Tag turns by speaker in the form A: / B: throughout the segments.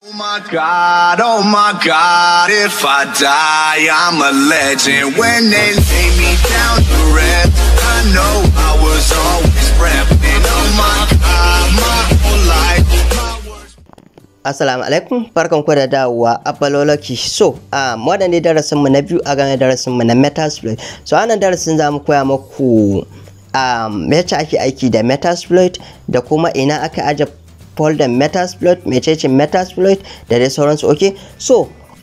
A: Oh my god, oh my god, if I die, I'm a legend. When they lay me down to rest, I know I was always prepping. Oh my god, my whole life. Assalamu alaikum farkon ku da dawowa Abaloloki so a waɗanda darasin mu na biyu a ganin darasin mu na Metasploit so anan darasin za mu koya muku um, yacce ake aiki da Metasploit da kuma ina aka aje folder metasploit mecece metasploit da dai sauransu ok so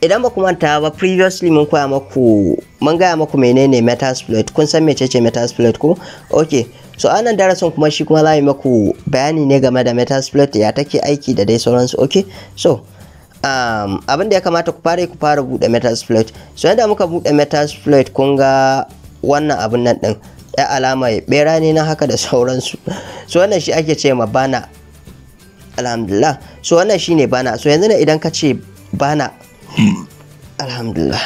A: idan ba manta ba previously mun koya maku mun gaya maku menene metasploit kun san mecece metasploit ko okay so anan darasin kuma shi kuma za maku bayani ne game da metasploit ya take aiki da dai sauransu okay so um, abin da ya kamata ku fara ku fara bude metasploit so yadda muka bude metasploit kun ga wannan abin nan din ya alama ya bera ne na haka da sauransu so wannan shi ake ce ma bana alhamdulillah so wannan shine bana so yanzu ne idan ka ce bana hmm. alhamdulillah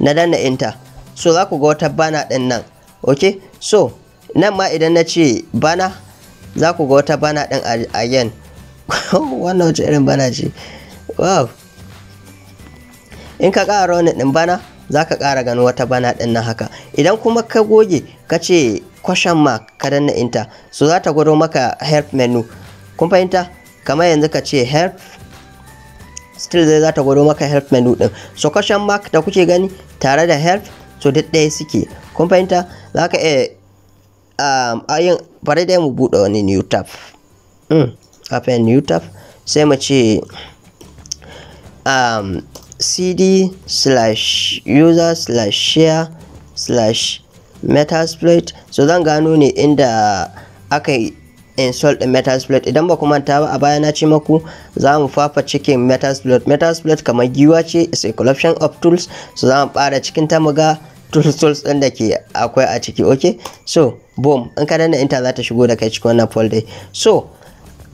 A: na danna enter so za ku ga wata bana din nan ok so nan ma idan na ce bana za ku ga wata bana din a yan wannan wace irin bana ce wow in ka ƙara wani din bana za ka ƙara gano wata bana din nan haka idan kuma ka goge ka ce question mark ka danna inta so za ta gwado maka help menu kun fahimta kamar yanzu ka ce help still zai za ta gwado maka help menu din so question mark da kuke gani tare da help so duk ɗaya suke kun fahimta za ka iya um, ayin bari dai mu buɗe wani new tab hmm, kafin new tab sai mu ce um, cd slash user slash share slash metasploit so zan gano ne inda aka yi install din metasploit idan ba kuma manta ba a baya na ce maku za mu fafa cikin metasploit metasploit kamar giwa ce is a collection of tools so za mu fara cikin ta muga tools tools din da ke akwai a ciki okay so boom in ka danna enter za ta shigo da kai cikin wannan folder so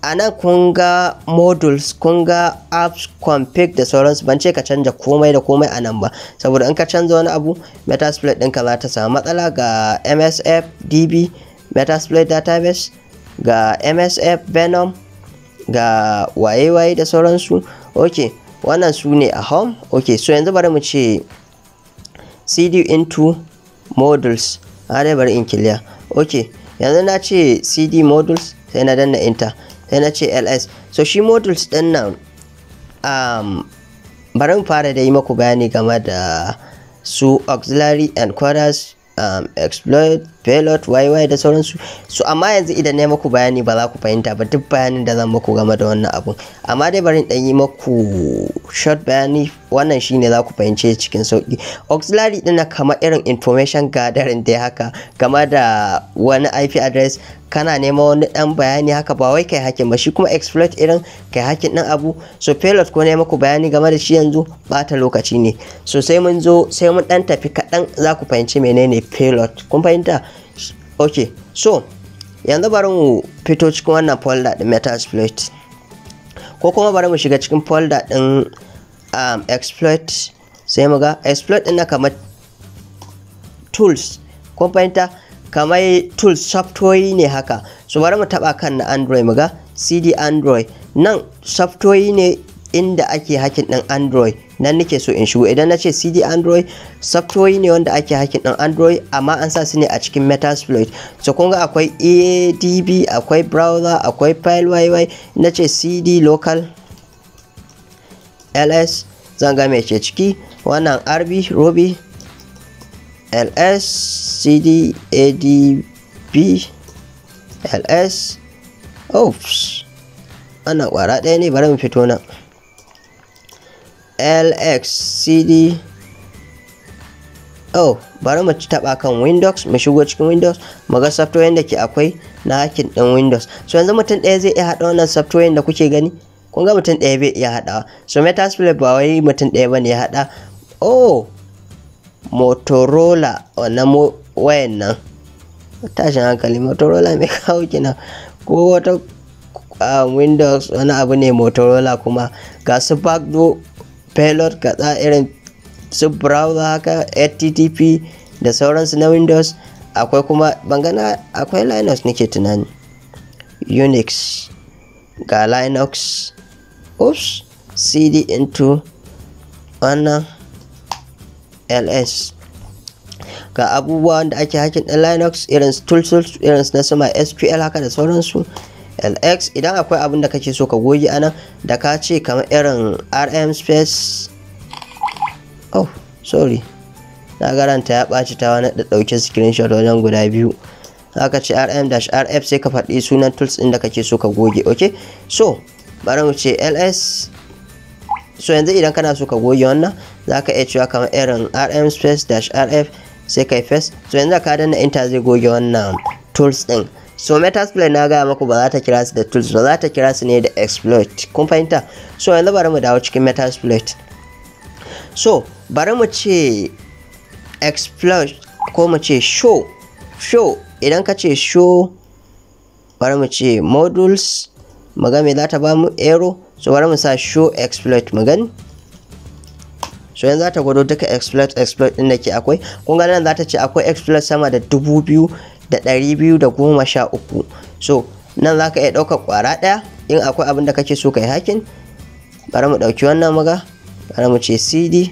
A: a nan kun ga modules kun ga apps config da sauransu ban ce ka canja komai da komai a nan ba saboda in ka canza wani abu metasploit ɗinka za ta samu matsala ga msf db metasploit database ga msf venom ga waye-waye da sauransu ok wannan su ne a home ok so yanzu bari mu ce cd into modules dai bari in clear ok yanzu na ce cd modules sai na danna enter sai na ce ls so shi modules din nan um, bari mu fara da yi maku bayani game da su auxiliary and quarters um, exploit payload yy da sauransu so amma yanzu idan na maku bayani ba za ku fahimta ba duk bayanin da zan maku game da wannan abun amma dai bari in yi maku short bayani wannan shine za ku fahimce cikin sauki auxiliary ɗina kamar irin information gathering dai haka game da wani ip address kana nema wani dan bayani haka ba wai kai hakin ba shi kuma exploit irin kai hakin din abu so payload ko ne muku bayani game da shi yanzu bata lokaci ne so sai mun zo sai mun dan tafi kaɗan za ku fahimci menene payload kun fahimta Okay. so yanzu bari mu fito cikin wannan folder din meta exploit ko kuma bari mu shiga cikin folder din um, exploit sai mu ga exploit din na kamar tools kun fahimta kamar tools software ne haka su bari mu taba kan na android mu ga cd android nan software ne inda ake hakin ɗin android nan nake so in shigo idan na ce cd android software ne wanda ake hakin ɗin android amma an sa su ne a cikin metasploit so kun ga akwai adb akwai browser akwai file yy na ce cd local ls zan mai ce ciki wannan rb ruby ls cd adb ls oops ana kwara ɗaya ne bari mu fito nan lx cd oh bari mu taba kan windows mu shigo cikin windows mu ga software da ke akwai na hakin din windows so yanzu mutum ɗaya zai iya haɗa wannan software da kuke gani kun ga mutum ɗaya bai iya haɗawa so metasploit ba wai mutum ɗaya bane ya haɗa oh motorola wannan wayan nan tashin hankali motorola mai kawo kina ko wata windows wani abu ne motorola kuma ga su backdoor payload kaza irin su browser haka http da sauransu na windows akwai kuma bangana akwai linux nake tunani unix ga linux oops cd into wannan ls ga abubuwan da ake hakin ɗin linux irin tools irin na sama sql haka da sauransu lx idan akwai abin da kake so ka goge anan da ka ce kamar irin rm space oh sorry na garanta ya ɓaci ta wani da ɗauke screenshot wajen guda biyu aka ce rm-rf sai ka faɗi sunan tools ɗin da kake so ka goge ok so bari mu ce ls so yanzu idan kana so ka goge wannan za ka iya cewa kamar irin rm space dash rf sai kai face so yanzu ka danna enter zai goge wannan tools din so metasploit na gaya maku ba za ta kira su da tools ba za ta kira su ne da exploit kun fahimta so yanzu bari mu dawo cikin metasploit so bari mu ce exploit ko mu ce show show idan ka ce show bari mu ce modules mu ga me za ta bamu arrow so bari mu sa show exploit mu gani so yanzu ta gwado duka exploit exploit din da ke akwai kun ga nan za ta ce akwai exploit sama da dubu biyu da ɗari biyu da goma sha uku so nan za ka iya ɗaukar kwara daya in akwai abin da kake so ka yi hakin bari mu ɗauki wannan muga bari mu ce cd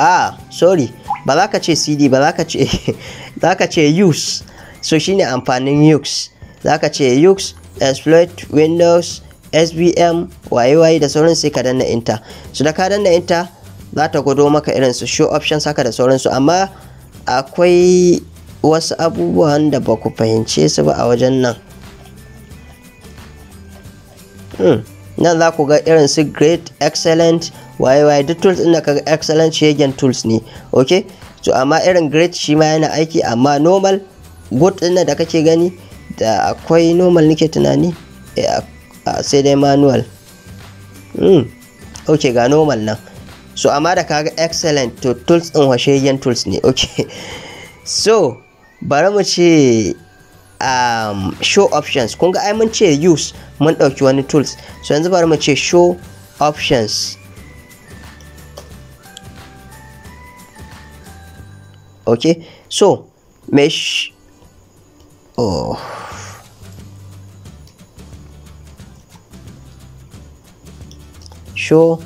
A: ah sorry ba za ka ce cd ba za ka ce za ka ce use so shine amfanin use za ka ce use exploit windows sbm waye-waye da sauran sai ka danna inta su da ka danna inta za ta gwado maka irin su show options haka da sauransu amma akwai wasu abubuwan da ba ku fahimce su ba a wajen nan hmm. nan za ku ga irin su great excellent waye-waye duk tools ɗin da ka excellent shegen tools ne ok to amma irin great shi ma yana aiki amma normal good ɗin da kake gani da akwai normal nake tunani eh, a ah, sai dai manual hmm ok ga normal nan so amma da kaga excellent to tools din washeggen tools ne ok so bari mu ce um, show options kun ga ai mun ce use mun ɗauki wani tools so yanzu bari mu ce show options ok so mesh oh show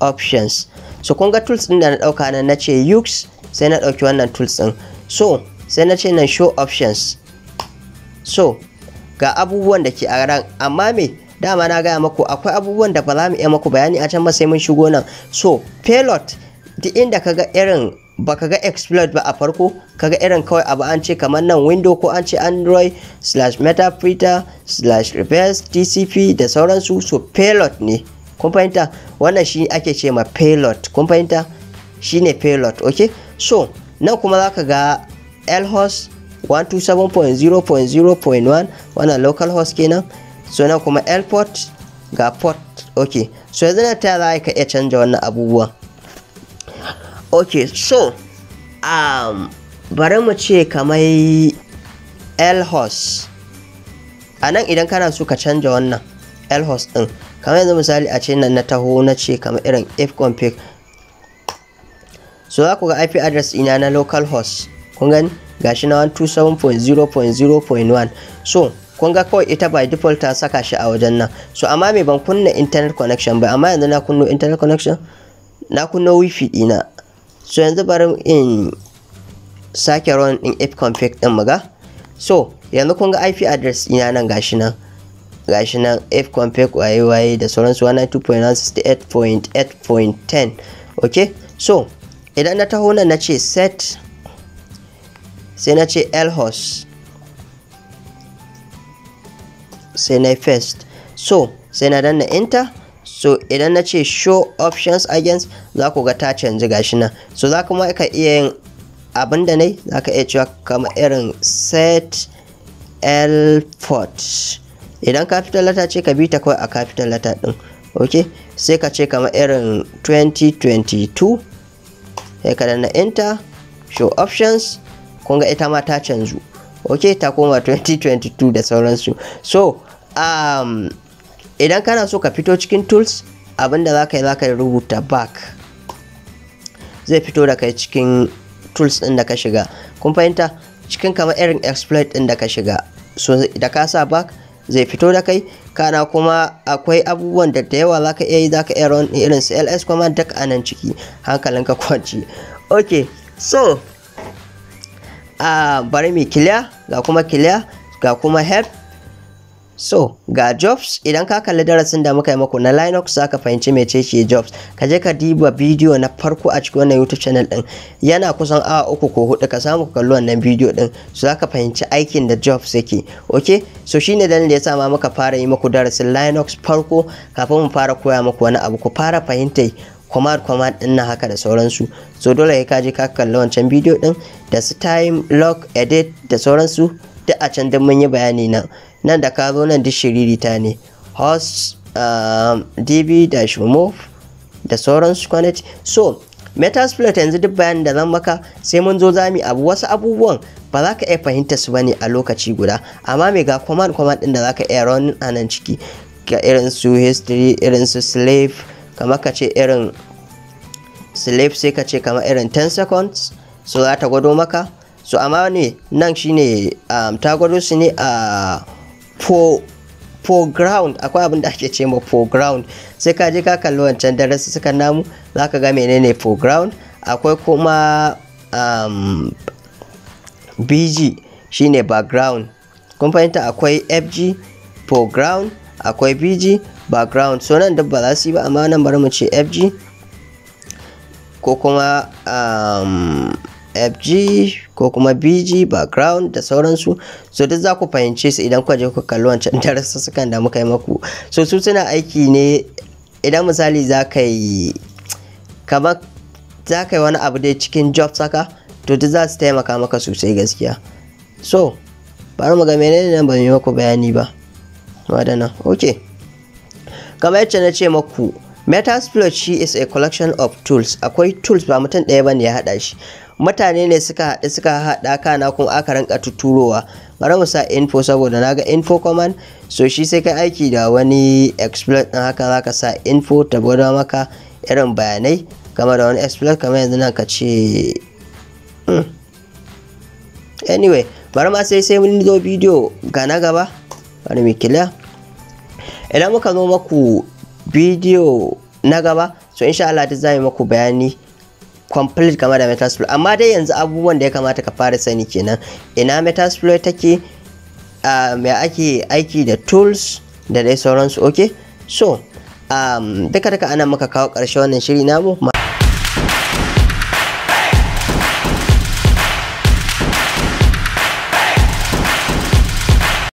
A: options so kun ga tools din da na dauka nan na ce ux sai na dauki wannan tools din so sai na ce nan show options so ga abubuwan da ke a ran amma me dama na gaya maku akwai abubuwan da ba za mu iya maku bayani a can ba sai mun shigo nan so payload duk inda ka ga irin baka ga exploit ba a farko kaga irin kawai abu an ce kamar nan window ko an ce android slash metapreter slash reverse tcp da sauransu so payload ne kun fahimta wannan shi ake ce ma payload kun fahimta ne payload ok so nan kuma za ka ga lhos 127.0.0.1 wannan local host kenan so nan kuma lport ga port ok so yanzu na ta za ka iya canja wannan abubuwan ok so um, bari mu ce kamar lhos a nan idan kana so ka canja wannan lhos din kamar yanzu misali a ce nan na taho na ce kamar irin if config so za ku ga IP address ina na local host kun gani gashi na 127.0.0.1 so kun ga kawai ita by default ta saka shi a wajen nan so amma me ban kunna internet connection ba amma yanzu na kunno internet connection na kunno wifi dina so yanzu bari in sake run in if config din muga so yanzu kun ga IP address ina nan gashi nan gashi nan fconfig ayi waye da sauransu 2.168.8.10 okay? so idan na taho nan na ce set sai na ce lhos sai na first so sai na danna enter so idan na ce show options against za ku ga ta canji gashi nan so za kuma ka iya yin abin da ne za ka iya cewa kama irin set L port. idan capital letter ce ka bi ta kawai a capital letter din ok sai ka ce kamar irin 2022 sai ka danna enter show options kun ga ita ma ta canzu ok ta koma 2022 da sauransu so um, idan kana so ka fito cikin tools abinda za ka yi za ka rubuta back zai fito da kai cikin tools ɗin da ka shiga kun fahimta cikin kamar irin exploit ɗin da ka shiga so da ka sa back zai fito da kai kana kuma akwai abubuwan da da yawa zaka iya yi zaka iya run irin su ls Kuma duk a nan ciki hankalinka kwanci ok so a ah, bari mai clear ga kuma clear ga kuma help So, ga Jobs idan ka kalli darasin da muka yi muku na Linux za ka fahimci ce Jobs. Ka je ka diba bidiyo na farko a cikin wannan YouTube channel din. Yana kusan awa uku ko hudu ka samu kalli wannan bidiyo din. So za ka fahimci aikin da Jobs yake. ok So shine dalilin da yasa ma muka fara yi muku darasin Linux farko kafin mu fara koya maku wani abu ku fara fahimtai command command din nan haka da sauransu so dole ka je ka kalli wancan bidiyo din da su time log edit da sauransu duk a can don mun yi bayani na. nan da ka zo nan duk shiririta ne host um, db dash remove da sauransu connect so metasploit yanzu duk bayan da zan maka sai mun zo zami abu wasu abubuwan ba za ka iya fahimta su bane a lokaci guda amma mai ga command command din da za ka iya running a nan ciki ga irin su history irin su slave kamar ka ce irin slave sai ka ce kamar irin 10 seconds so za ta gwado maka so amma ne nan shine um, ta gwado su ne a foreground akwai abin da ake ce ma foreground sai ka je ka kalli wancan darasi suka namu za ka ga menene foreground akwai kuma um, bg shine background kun fahimta akwai fg foreground akwai bg background so nan duk ba za su yi ba amma nan bari mu ce fg ko kuma um, fg ko kuma bg background da sauransu so duk za ku fahimce su idan kuka je ku kalli wancan kan da muka yi maku so su suna aiki ne idan misali za ka yi za ka yi wani abu dai cikin job saka to duk za su taimaka maka sosai gaskiya so bari mu ga menene nan ba yi maku bayani ba wadana ok kamar yacce na ce maku metasploit shi is a collection of tools akwai tools ba mutum ɗaya ne ya haɗa shi mutane ne suka haɗu suka haɗa kana kuma aka ranka tuturowa bari mu sa info saboda naga info command so shi sai kai aiki da wani exploit ɗin haka zaka sa info ta gwada maka irin bayanai kamar da wani exploit kamar yanzu nan ka ce hmm. anyway bari ma sai sai mun zo bidiyo ga na gaba bari mu kila idan muka zo maku bidiyo na gaba so insha Allah ta zai maku bayani complete game da metasploit amma dai yanzu abubuwan da ya kamata ka fara sani kenan ina metasploit take uh, me ake aiki da tools da dai sauransu okay so um, duka duka ana maka kawo ƙarshe wannan shiri namu